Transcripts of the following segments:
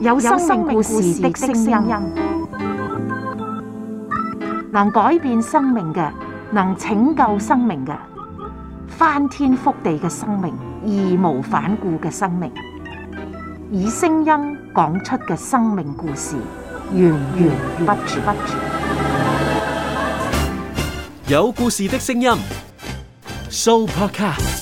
有生命故事的聲音，能改變生命嘅，能拯救生命嘅，翻天覆地嘅生命，義無反顧嘅生命，以聲音講出嘅生命故事，源源不絕。有故事的聲音，Soul Podcast。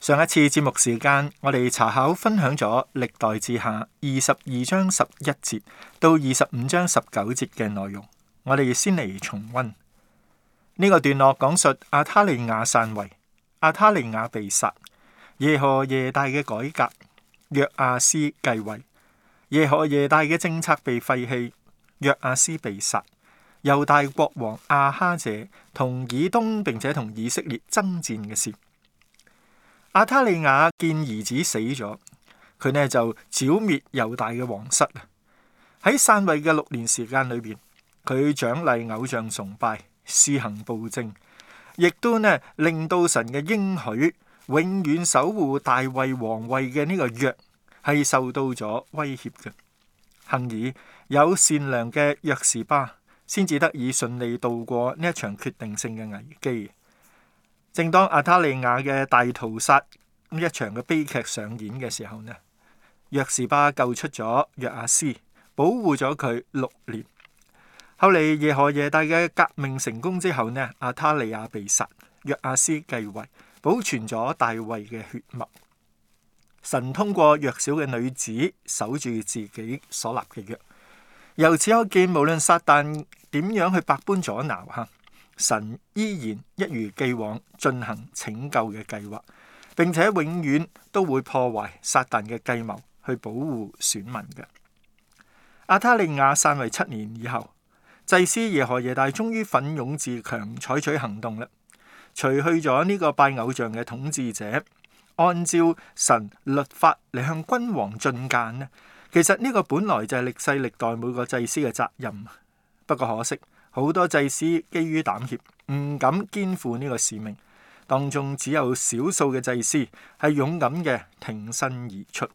上一次節目時間，我哋查考分享咗歷代志下二十二章十一節到二十五章十九節嘅內容。我哋先嚟重溫呢、這個段落，講述阿塔利亞散位，阿塔利亞被殺，耶何耶大嘅改革，約亞斯繼位，耶何耶大嘅政策被廢棄，約亞斯被殺，猶大國王阿哈謝同以東並且同以色列爭戰嘅事。阿塔利亞見兒子死咗，佢呢就剿滅猶大嘅皇室。喺散位嘅六年時間裏邊，佢獎勵偶像崇拜，施行暴政，亦都呢令到神嘅應許永遠守護大衛皇位嘅呢個約係受到咗威脅嘅。幸而有善良嘅約士巴，先至得以順利度過呢一場決定性嘅危機。正當阿塔利亞嘅大屠殺一場嘅悲劇上演嘅時候呢，約士巴救出咗約阿斯，保護咗佢六年。後嚟耶何耶大嘅革命成功之後呢，阿塔利亞被殺，約阿斯繼位，保存咗大衛嘅血脈。神通過弱小嘅女子守住自己所立嘅約，由此可見，無論撒旦點樣去百般阻撓吓。神依然一如既往進行拯救嘅計劃，並且永遠都會破壞撒旦嘅計謀，去保護選民嘅。亞他利雅散為七年以後，祭司耶何耶大終於奮勇自強，採取行動啦，除去咗呢個拜偶像嘅統治者，按照神律法嚟，向君王進諫咧。其實呢個本來就係歷世歷代每個祭司嘅責任，不過可惜。好多祭司基於膽怯，唔敢肩負呢個使命，當中只有少數嘅祭司係勇敢嘅挺身而出。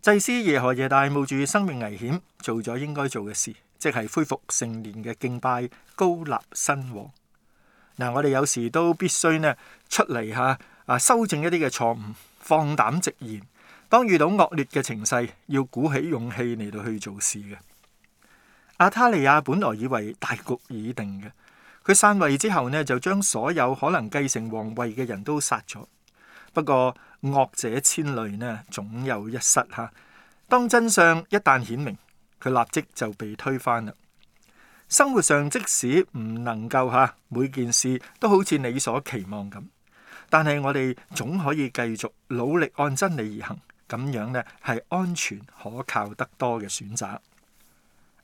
祭司耶何耶大冒住生命危險，做咗應該做嘅事，即係恢復聖殿嘅敬拜，高立新王。嗱、嗯，我哋有時都必須呢出嚟嚇啊，修正一啲嘅錯誤，放膽直言。當遇到惡劣嘅情勢，要鼓起勇氣嚟到去做事嘅。亞他利雅本來以為大局已定嘅，佢篡位之後呢，就將所有可能繼承皇位嘅人都殺咗。不過惡者千慮呢，總有一失吓。當真相一旦顯明，佢立即就被推翻啦。生活上即使唔能夠吓每件事都好似你所期望咁，但係我哋總可以繼續努力按真理而行，咁樣呢係安全可靠得多嘅選擇。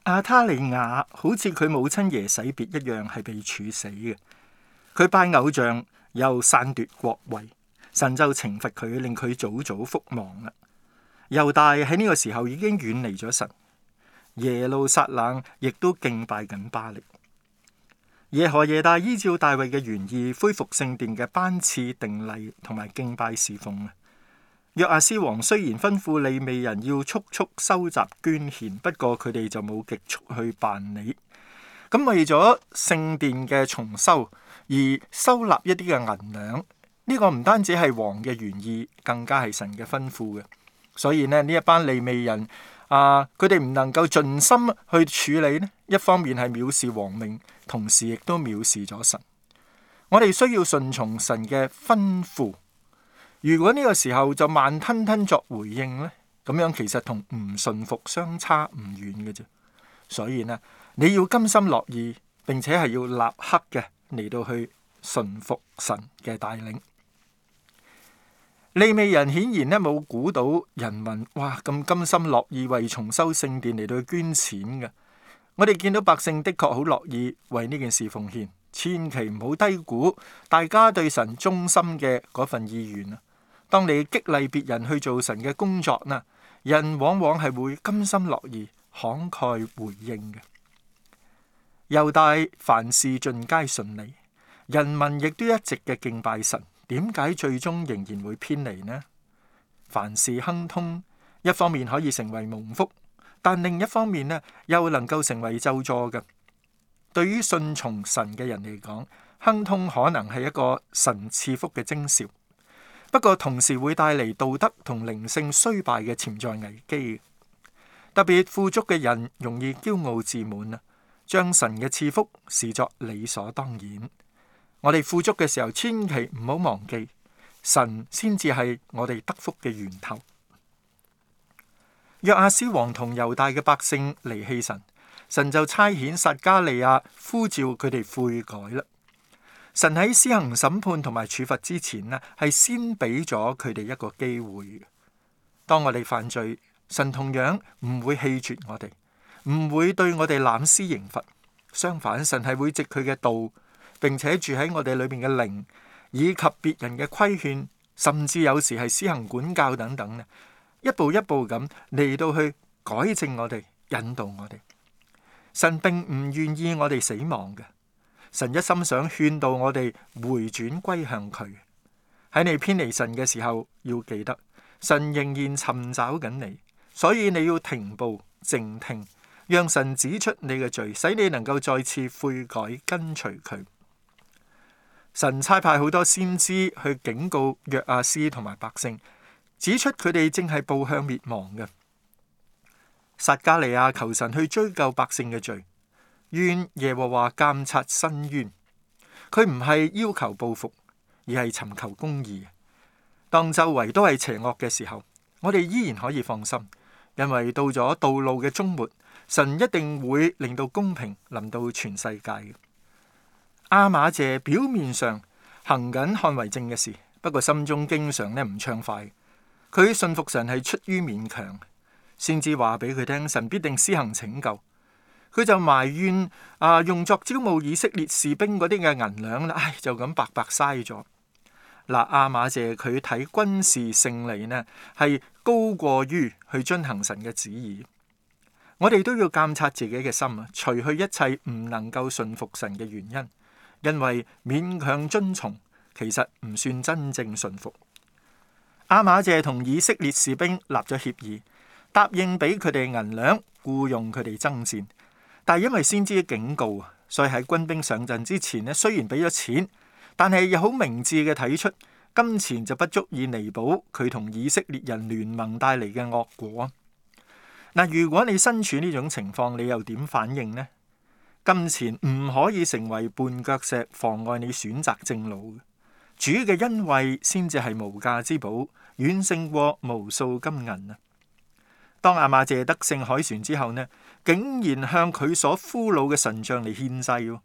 阿塔利亞好似佢母親耶洗別一樣，係被處死嘅。佢拜偶像又篡奪國位，神就懲罰佢，令佢早早覆亡啦。猶大喺呢個時候已經遠離咗神，耶路撒冷亦都敬拜緊巴力。耶何耶大依照大衛嘅原意恢復聖殿嘅班次定例同埋敬拜侍奉啊。約阿斯王雖然吩咐利未人要速速收集捐獻，不過佢哋就冇極速去辦理。咁為咗聖殿嘅重修而收納一啲嘅銀兩，呢個唔單止係王嘅原意，更加係神嘅吩咐嘅。所以呢，呢一班利未人啊，佢哋唔能夠盡心去處理呢。一方面係藐視王命，同時亦都藐視咗神。我哋需要順從神嘅吩咐。如果呢個時候就慢吞吞作回應呢，咁樣其實同唔順服相差唔遠嘅啫。所以呢，你要甘心樂意，並且係要立刻嘅嚟到去順服神嘅帶領。利未人顯然呢冇估到人民哇咁甘心樂意為重修聖殿嚟到捐錢嘅。我哋見到百姓的確好樂意為呢件事奉獻，千祈唔好低估大家對神忠心嘅嗰份意願啊！當你激勵別人去做神嘅工作呢，人往往係會甘心樂意慷慨回應嘅。猶大凡事盡皆順利，人民亦都一直嘅敬拜神。點解最終仍然會偏離呢？凡事亨通，一方面可以成為蒙福，但另一方面呢，又能夠成為咒詛嘅。對於順從神嘅人嚟講，亨通可能係一個神賜福嘅徵兆。不過同時會帶嚟道德同靈性衰敗嘅潛在危機，特別富足嘅人容易驕傲自滿啊，將神嘅賜福視作理所當然。我哋富足嘅時候，千祈唔好忘記，神先至係我哋得福嘅源頭。若阿斯王同猶大嘅百姓離棄神，神就差遣撒迦利亞呼召佢哋悔改啦。神喺施行審判同埋處罰之前呢，係先俾咗佢哋一個機會。當我哋犯罪，神同樣唔會棄絕我哋，唔會對我哋濫施刑罰。相反，神係會藉佢嘅道，並且住喺我哋裏面嘅靈，以及別人嘅規勸，甚至有時係施行管教等等呢，一步一步咁嚟到去改正我哋，引導我哋。神並唔願意我哋死亡嘅。神一心想勸導我哋回轉歸向佢。喺你偏離神嘅時候，要記得神仍然尋找緊你，所以你要停步靜聽，讓神指出你嘅罪，使你能夠再次悔改跟隨佢。神差派好多先知去警告約阿斯同埋百姓，指出佢哋正係步向滅亡嘅。撒迦利亞求神去追究百姓嘅罪。願耶和華監察申冤。佢唔係要求報復，而係尋求公義。當周圍都係邪惡嘅時候，我哋依然可以放心，因為到咗道路嘅終末，神一定會令到公平臨到全世界。阿瑪謝表面上行緊看為正嘅事，不過心中經常咧唔暢快。佢信服神係出於勉強，先至話俾佢聽，神必定施行拯救。佢就埋怨啊，用作招募以色列士兵嗰啲嘅銀兩唉，就咁白白嘥咗嗱。阿馬謝，佢睇軍事勝利呢，係高過於去遵行神嘅旨意。我哋都要監察自己嘅心啊，除去一切唔能夠順服神嘅原因，因為勉強遵從其實唔算真正順服。阿馬謝同以色列士兵立咗協議，答應俾佢哋銀兩，僱傭佢哋爭戰。但係因為先知嘅警告啊，所以喺軍兵上陣之前咧，雖然俾咗錢，但係又好明智嘅睇出金錢就不足以彌補佢同以色列人聯盟帶嚟嘅惡果。嗱，如果你身處呢種情況，你又點反應呢？金錢唔可以成為絆腳石，妨礙你選擇正路。主嘅恩惠先至係無價之寶，遠勝過無數金銀啊！當亞瑪謝得勝凱旋之後呢。竟然向佢所俘虜嘅神像嚟獻祭咯，哦！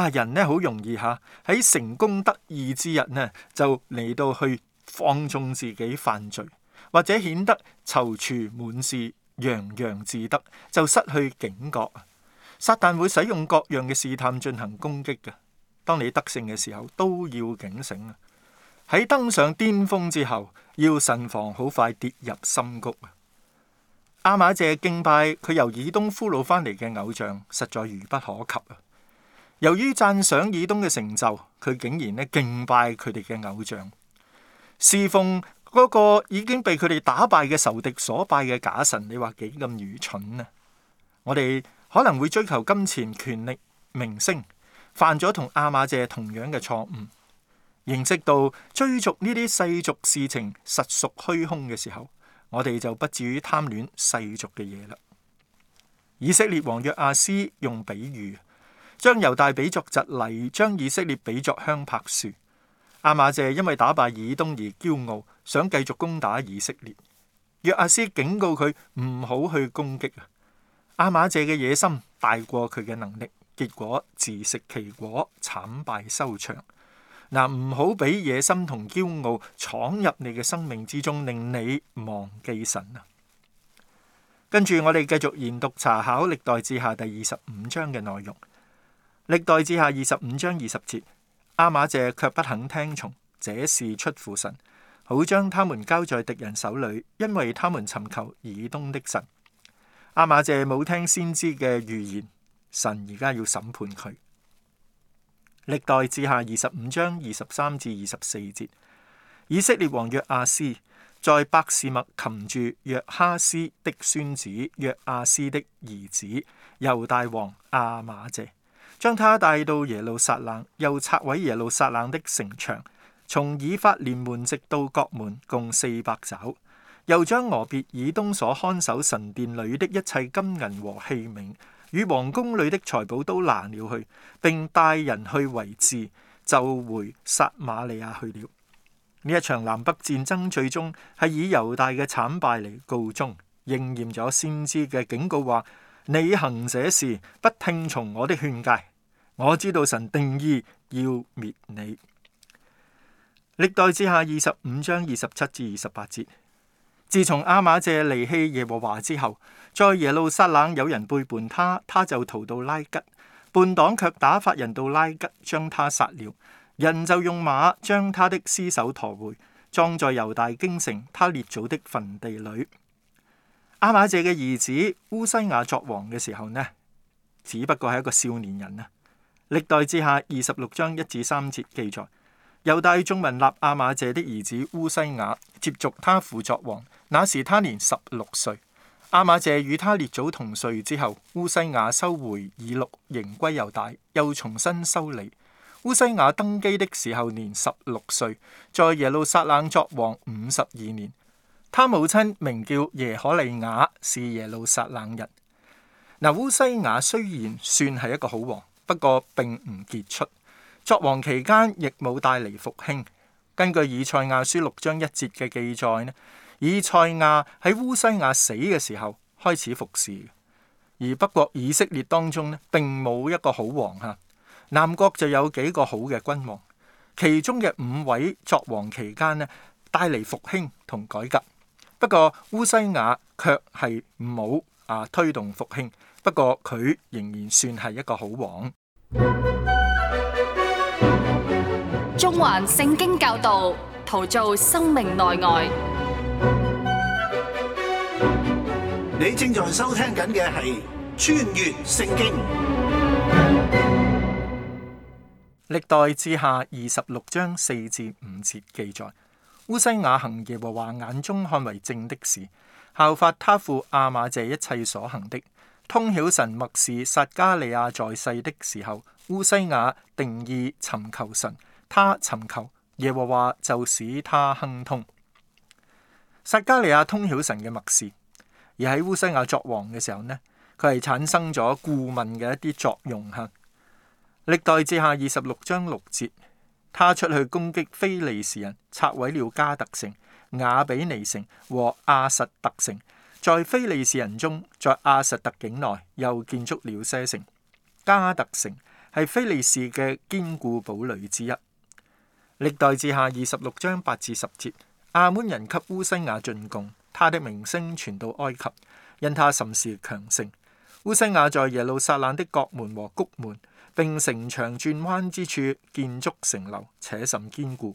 啊，人呢好容易吓，喺成功得意之日呢，就嚟到去放縱自己犯罪，或者顯得躊躇滿志，洋洋自得，就失去警覺。撒旦會使用各樣嘅試探進行攻擊嘅。當你得勝嘅時候，都要警醒啊！喺登上巔峰之後，要慎防好快跌入深谷。阿馬謝敬拜佢由以東俘虜翻嚟嘅偶像，實在愚不可及啊！由於讚賞以東嘅成就，佢竟然咧敬拜佢哋嘅偶像，侍奉嗰個已經被佢哋打敗嘅仇敵所拜嘅假神，你話幾咁愚蠢啊！我哋可能會追求金錢、權力、名聲，犯咗同阿馬謝同樣嘅錯誤，認識到追逐呢啲世俗事情實屬虛空嘅時候，我哋就不至於貪戀世俗嘅嘢啦。以色列王約阿斯用比喻，將猶大比作蒺藜，將以色列比作香柏樹。亞瑪謝因為打敗以東而驕傲，想繼續攻打以色列。約阿斯警告佢唔好去攻擊。亞瑪謝嘅野心大過佢嘅能力，結果自食其果，慘敗收場。嗱，唔好俾野心同驕傲闖入你嘅生命之中，令你忘記神啊！跟住我哋繼續研讀查考歷代誌下第二十五章嘅內容。歷代誌下二十五章二十節：阿瑪謝卻不肯聽從，這是出乎神，好將他們交在敵人手裏，因為他們尋求以東的神。阿瑪謝冇聽先知嘅預言，神而家要審判佢。歷代志下二十五章二十三至二十四節，以色列王約阿斯在伯示麥擒住約哈斯的孫子約阿斯的兒子猶大王亞瑪謝，將他帶到耶路撒冷，又拆毀耶路撒冷的城牆，從以法蓮門直到國門共四百肘，又將俄別以東所看守神殿裏的一切金銀和器皿。與皇宮裏的財寶都拿了去，並帶人去為質，就回撒馬利亞去了。呢一場南北戰爭最終係以猶大嘅慘敗嚟告終，應驗咗先知嘅警告話：你行這事，不聽從我的勸誡，我知道神定意要滅你。歷代志下二十五章二十七至二十八節。自從阿馬謝離棄耶和華之後，在耶路撒冷有人背叛他，他就逃到拉吉，叛黨卻打發人到拉吉將他殺了。人就用馬將他的屍首馱回，葬在猶大京城他列祖的墳地裏。阿馬謝嘅兒子烏西亞作王嘅時候呢，只不過係一個少年人啊。歷代志下二十六章一至三節記載。猶大眾民立阿瑪謝的兒子烏西雅接續他父作王，那時他年十六歲。阿瑪謝與他列祖同歲之後，烏西雅收回以錄，迎歸猶大，又重新修理。烏西雅登基的時候年十六歲，在耶路撒冷作王五十二年。他母親名叫耶可利亞，是耶路撒冷人。嗱，烏西雅雖然算係一個好王，不過並唔傑出。作王期間亦冇帶嚟復興。根據以賽亞書六章一節嘅記載呢，以賽亞喺烏西亞死嘅時候開始服侍。而不國北國以色列當中呢，並冇一個好王嚇。南國就有幾個好嘅君王，其中嘅五位作王期間呢，帶嚟復興同改革。不過烏西亞卻係冇啊推動復興。不過佢仍然算係一個好王。中環聖經教導，陶造生命內外。你正在收聽緊嘅係《穿越聖經》。歷代志下二十六章四至五節記載：烏西亞行耶和華眼中看為正的事，效法他父亞瑪謝一切所行的。通曉神默示撒加利亞在世的時候，烏西亞定義尋求神。他尋求耶和華，就使他亨通。撒加利亞通曉神嘅默示，而喺烏西亞作王嘅時候呢，佢係產生咗顧問嘅一啲作用。歷之下歷代志下二十六章六節，他出去攻擊非利士人，拆毀了加特城、雅比尼城和阿實特城。在非利士人中，在阿實特境內又建築了些城。加特城係非利士嘅堅固堡壘之一。歷代志下二十六章八至十節，亞捫人給烏西雅進貢，他的名聲傳到埃及，因他甚是強盛。烏西雅在耶路撒冷的角門和谷門，並城牆轉彎之處建築城樓，且甚堅固；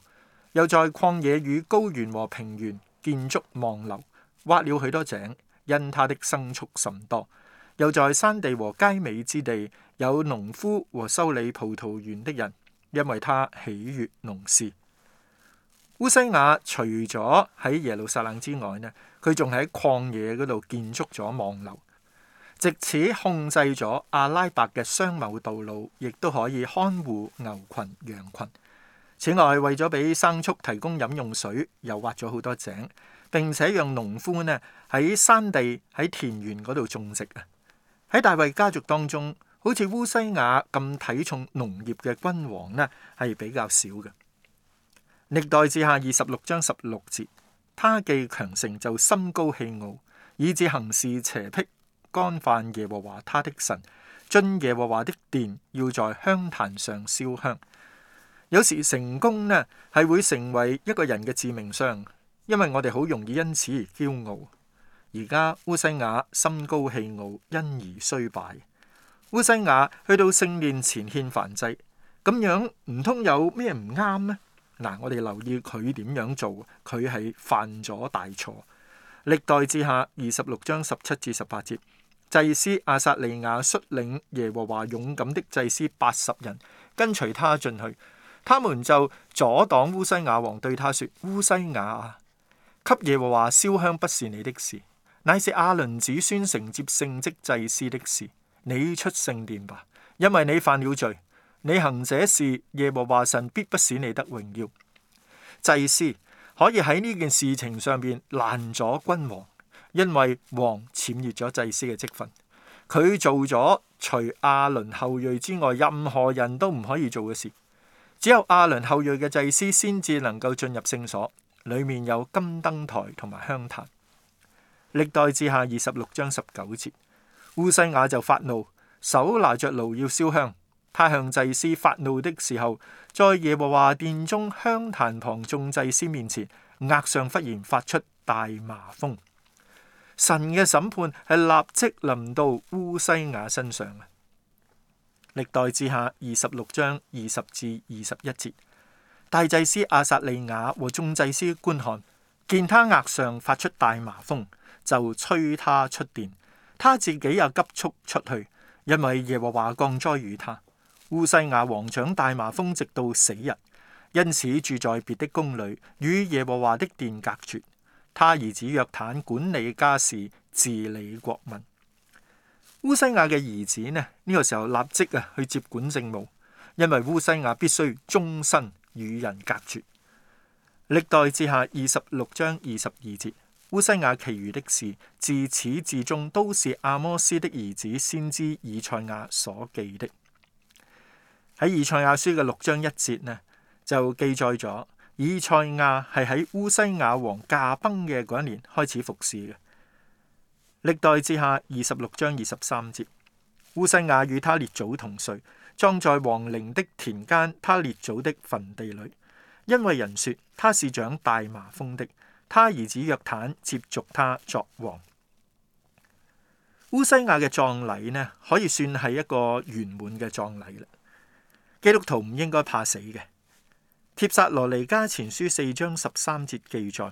又在曠野與高原和平原建築望樓，挖了許多井，因他的牲畜甚多；又在山地和佳美之地有農夫和修理葡萄園的人。因為他喜悅農事，烏西雅除咗喺耶路撒冷之外呢，佢仲喺曠野嗰度建築咗望樓，藉此控制咗阿拉伯嘅商貿道路，亦都可以看護牛群羊群。此外，為咗俾牲畜提供飲用水，又挖咗好多井，並且讓農夫呢喺山地喺田園嗰度種植啊。喺大衛家族當中，好似烏西亞咁睇重農業嘅君王呢，係比較少嘅。歷代志下二十六章十六節，他既強盛，就心高氣傲，以致行事邪僻，干犯耶和華他的神，進耶和華的殿，要在香壇上燒香。有時成功呢，係會成為一個人嘅致命傷，因為我哋好容易因此而驕傲。而家烏西亞心高氣傲，因而衰敗。烏西雅去到聖殿前獻燔祭，咁樣唔通有咩唔啱咩？嗱，我哋留意佢點樣做，佢係犯咗大錯。歷代志下二十六章十七至十八節，祭司亞撒利亞率領耶和華勇敢的祭司八十人跟隨他進去，他們就阻擋烏西雅王對他說：烏西雅啊，給耶和華燒香不是你的事，乃是亞倫子孫承接聖職祭司的事。你出聖殿吧，因為你犯了罪。你行這事，耶和華神必不使你得榮耀。祭司可以喺呢件事情上邊攔咗君王，因為王僭越咗祭司嘅職分。佢做咗除亞倫後裔之外任何人都唔可以做嘅事，只有亞倫後裔嘅祭司先至能夠進入聖所，裏面有金燈臺同埋香壇。歷代志下二十六章十九節。烏西雅就發怒，手拿着爐要燒香。他向祭司發怒的時候，在耶和華殿中香壇旁眾祭司面前，額上忽然發出大麻風。神嘅審判係立即臨到烏西雅身上啊！歷代志下二十六章二十至二十一節，大祭司亞撒利雅、和眾祭司觀看，見他額上發出大麻風，就催他出殿。他自己也急速出去，因為耶和華降災於他。烏西雅王長大麻風，直到死日，因此住在別的宮裏，與耶和華的殿隔絕。他兒子約坦管理家事，治理國民。烏西雅嘅兒子呢？呢、呢個時候立即啊去接管政務，因為烏西雅必須終身與人隔絕。歷代誌下二十六章二十二節。烏西亞其餘的事，自始至終都是阿摩斯的兒子先知以賽亞所記的。喺以賽亞書嘅六章一節呢，就記載咗以賽亞係喺烏西亞王駕崩嘅嗰一年開始服侍嘅。歷代之下二十六章二十三節，烏西亞與他列祖同睡，葬在王陵的田間，他列祖的墳地裏，因為人說他是長大麻風的。他兒子約坦接續他作王。烏西亞嘅葬禮呢，可以算係一個圓滿嘅葬禮啦。基督徒唔應該怕死嘅。帖撒羅尼迦前書四章十三節記載：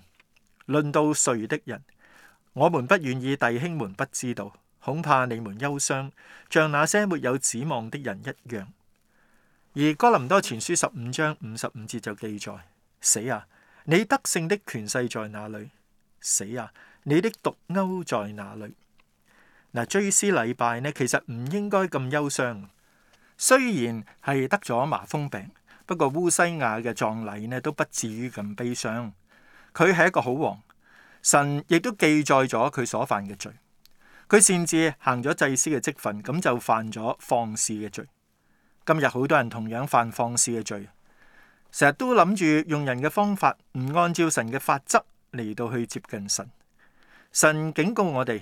論到誰的人，我們不願意弟兄們不知道，恐怕你們憂傷，像那些沒有指望的人一樣。而哥林多前書十五章五十五節就記載：死啊！你得勝的權勢在哪裏？死啊！你的毒鈎在哪裏？嗱，追思禮拜呢，其實唔應該咁憂傷。雖然係得咗麻風病，不過烏西亞嘅葬禮呢，都不至於咁悲傷。佢係一個好王，神亦都記載咗佢所犯嘅罪。佢擅自行咗祭司嘅職份，咁就犯咗放肆嘅罪。今日好多人同樣犯放肆嘅罪。成日都諗住用人嘅方法，唔按照神嘅法則嚟到去接近神。神警告我哋，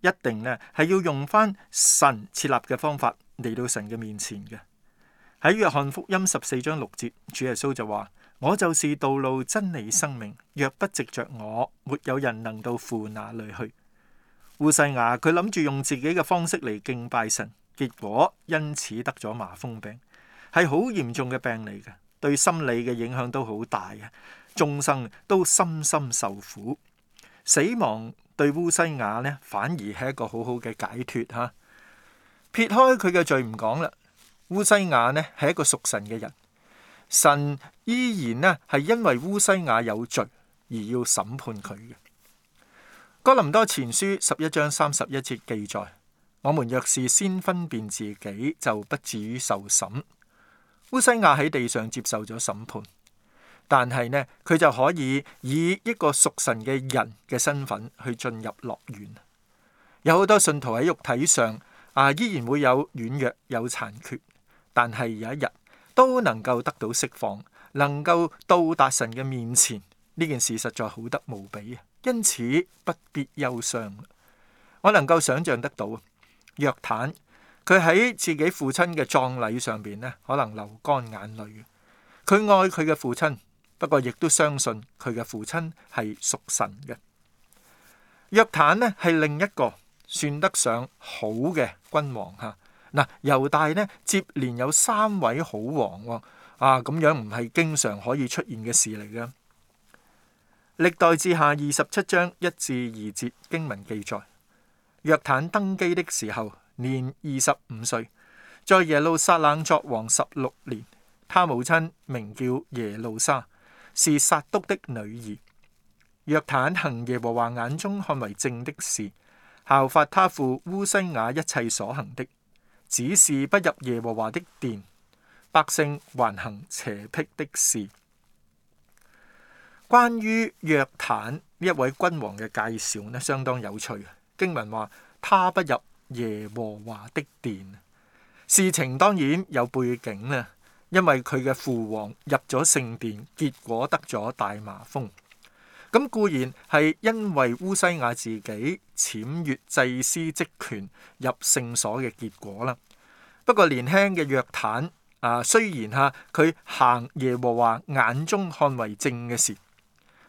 一定咧係要用返神設立嘅方法嚟到神嘅面前嘅。喺約翰福音十四章六節，主耶穌就話：我就是道路、真理、生命，若不藉着我，沒有人能到父那裏去。烏西雅佢諗住用自己嘅方式嚟敬拜神，結果因此得咗麻風病，係好嚴重嘅病嚟嘅。對心理嘅影響都好大嘅，眾生都深深受苦。死亡對烏西雅呢，反而係一個好好嘅解脫嚇。撇開佢嘅罪唔講啦，烏西雅呢係一個屬神嘅人，神依然呢係因為烏西雅有罪而要審判佢嘅。哥林多前書十一章三十一節記載：「我們若是先分辨自己，就不至於受審。烏西亞喺地上接受咗審判，但係呢，佢就可以以一個屬神嘅人嘅身份去進入樂園。有好多信徒喺肉體上啊，依然會有軟弱、有殘缺，但係有一日都能夠得到釋放，能夠到達神嘅面前，呢件事實在好得無比啊！因此不必憂傷。我能夠想象得到啊，約坦。佢喺自己父親嘅葬禮上邊呢，可能流乾眼淚。佢愛佢嘅父親，不過亦都相信佢嘅父親係屬神嘅。約坦呢，係另一個算得上好嘅君王嚇嗱。猶大呢，接連有三位好王啊，咁樣唔係經常可以出現嘅事嚟嘅。歷代志下二十七章一至二節經文記載，約坦登基的時候，年二十五歲，在耶路撒冷作王十六年。他母親名叫耶路沙，是撒督的女兒。約坦行耶和華眼中看為正的事，效法他父烏西雅一切所行的，只是不入耶和華的殿。百姓還行邪僻的事。關於約坦呢一位君王嘅介紹呢，相當有趣啊！經文話他不入。耶和華的殿，事情當然有背景啦，因為佢嘅父王入咗聖殿，結果得咗大麻風。咁固然係因為烏西亞自己僭越祭司職權入聖所嘅結果啦。不過年輕嘅約坦啊，雖然吓佢行耶和華眼中看為正嘅事，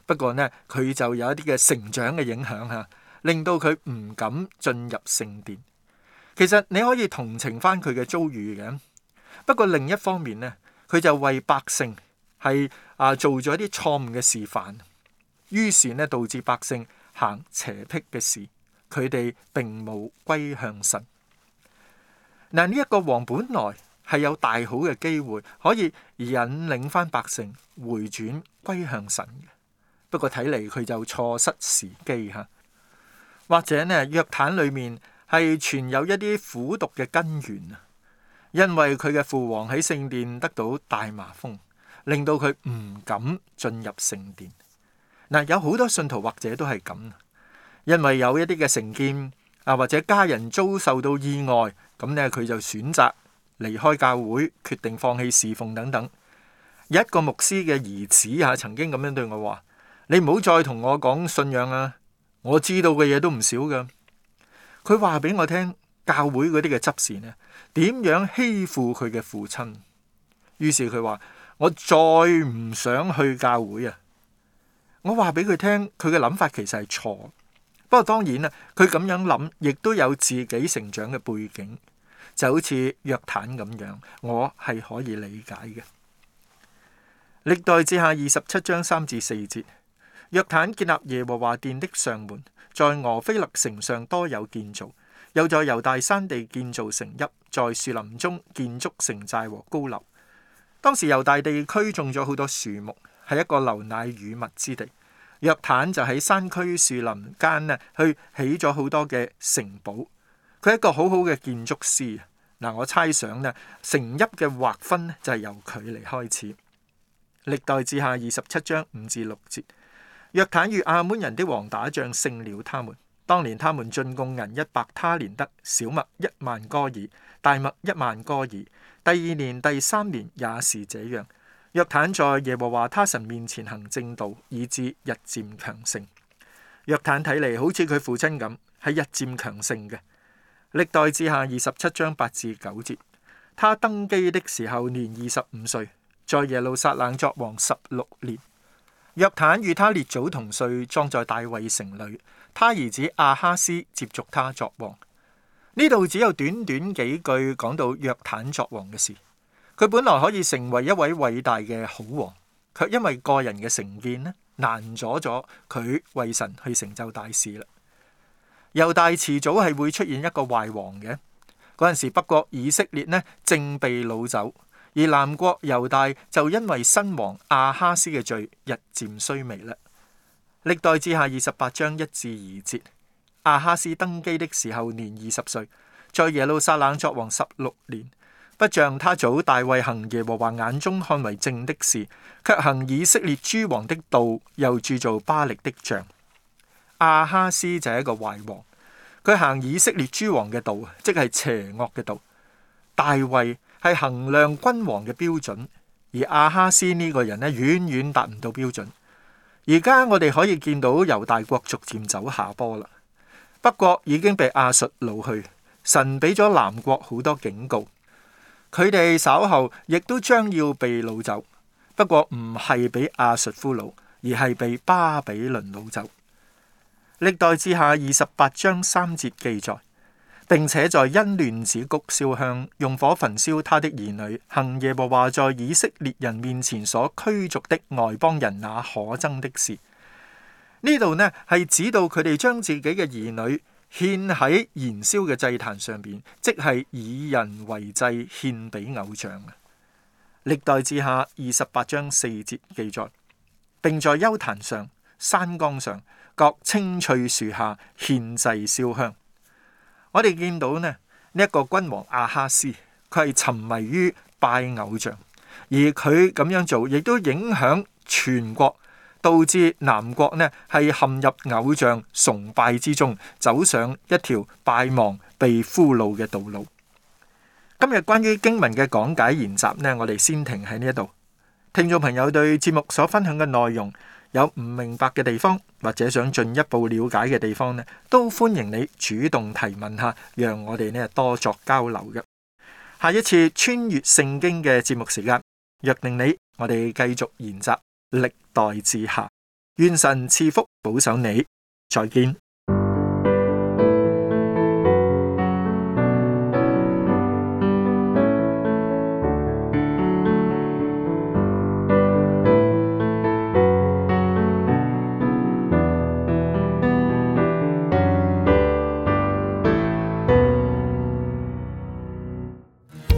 不過呢，佢就有一啲嘅成長嘅影響吓，令到佢唔敢進入聖殿。其實你可以同情翻佢嘅遭遇嘅，不過另一方面呢，佢就為百姓係啊，做咗啲錯誤嘅示範，於是呢，導致百姓行邪僻嘅事，佢哋並冇歸向神。嗱，呢一個王本來係有大好嘅機會，可以引領翻百姓回轉歸向神嘅，不過睇嚟佢就錯失時機嚇，或者呢約坦裏面。係存有一啲苦毒嘅根源啊！因為佢嘅父王喺聖殿得到大麻風，令到佢唔敢進入聖殿。嗱、啊，有好多信徒或者都係咁，因為有一啲嘅成見啊，或者家人遭受到意外，咁咧佢就選擇離開教會，決定放棄侍奉，等等。一個牧師嘅兒子啊，曾經咁樣對我話：「你唔好再同我講信仰啊！我知道嘅嘢都唔少噶。佢話俾我聽，教會嗰啲嘅執事呢，點樣欺負佢嘅父親。於是佢話：我再唔想去教會啊！我話俾佢聽，佢嘅諗法其實係錯。不過當然啦，佢咁樣諗，亦都有自己成長嘅背景，就好似約坦咁樣，我係可以理解嘅。歷代志下二十七章三至四節。約坦建立耶和華殿的上門，在俄菲勒城上多有建造，又在猶大山地建造城邑，在樹林中建築城寨和高樓。當時猶大地區種咗好多樹木，係一個流奶與蜜之地。約坦就喺山區樹林間咧，去起咗好多嘅城堡。佢係一個好好嘅建築師。嗱，我猜想咧，城邑嘅劃分就係由佢嚟開始。歷代志下二十七章五至六節。約坦與亞門人的王打仗，勝了他們。當年他們進貢銀一百他連得，小麥一萬歌爾，大麥一萬歌爾。第二年、第三年也是這樣。約坦在耶和華他神面前行正道，以致日漸強盛。約坦睇嚟好似佢父親咁，係日漸強盛嘅。歷代志下二十七章八至九節，他登基的時候年二十五歲，在耶路撒冷作王十六年。約坦與他列祖同睡，葬在大衛城裏。他兒子阿哈斯接續他作王。呢度只有短短幾句講到約坦作王嘅事。佢本來可以成為一位偉大嘅好王，卻因為個人嘅成見呢，難阻咗佢為神去成就大事啦。猶大遲早係會出現一個壞王嘅。嗰陣時，北國以色列呢正被擄走。而南國猶大就因為新王亞哈斯嘅罪，日漸衰微嘞。歷代志下二十八章一至二節：亞哈斯登基的時候年二十歲，在耶路撒冷作王十六年。不像他祖大衛行耶和華眼中看為正的事，却行以色列諸王的道，又鑄造巴力的像。亞哈斯就係一個壞王，佢行以色列諸王嘅道，即係邪惡嘅道。大衛。係衡量君王嘅標準，而亞哈斯呢個人呢，遠遠達唔到標準。而家我哋可以見到猶大國逐漸走下坡啦。不過已經被亞述擄去，神俾咗南國好多警告，佢哋稍後亦都將要被擄走。不過唔係俾亞述俘虜，而係被巴比倫擄走。歷代志下二十八章三節記載。並且在欣嫩子谷燒香，用火焚燒他的兒女。行耶和華在以色列人面前所驅逐的外邦人，那可憎的事。呢度呢係指到佢哋將自己嘅兒女獻喺燃燒嘅祭壇上邊，即係以人為祭獻俾偶像啊！歷代志下二十八章四節記載，並在丘壇上、山崗上、各青翠樹下獻祭燒香。我哋見到呢，呢一個君王亞哈斯，佢係沉迷於拜偶像，而佢咁樣做，亦都影響全國，導致南國呢係陷入偶像崇拜之中，走上一條敗亡、被俘虜嘅道路。今日關於經文嘅講解研習呢，我哋先停喺呢一度。聽眾朋友對節目所分享嘅內容，有唔明白嘅地方，或者想進一步了解嘅地方咧，都歡迎你主動提問下，讓我哋咧多作交流嘅。下一次穿越聖經嘅節目時間，約定你，我哋繼續研習歷代志下。願神賜福保守你，再見。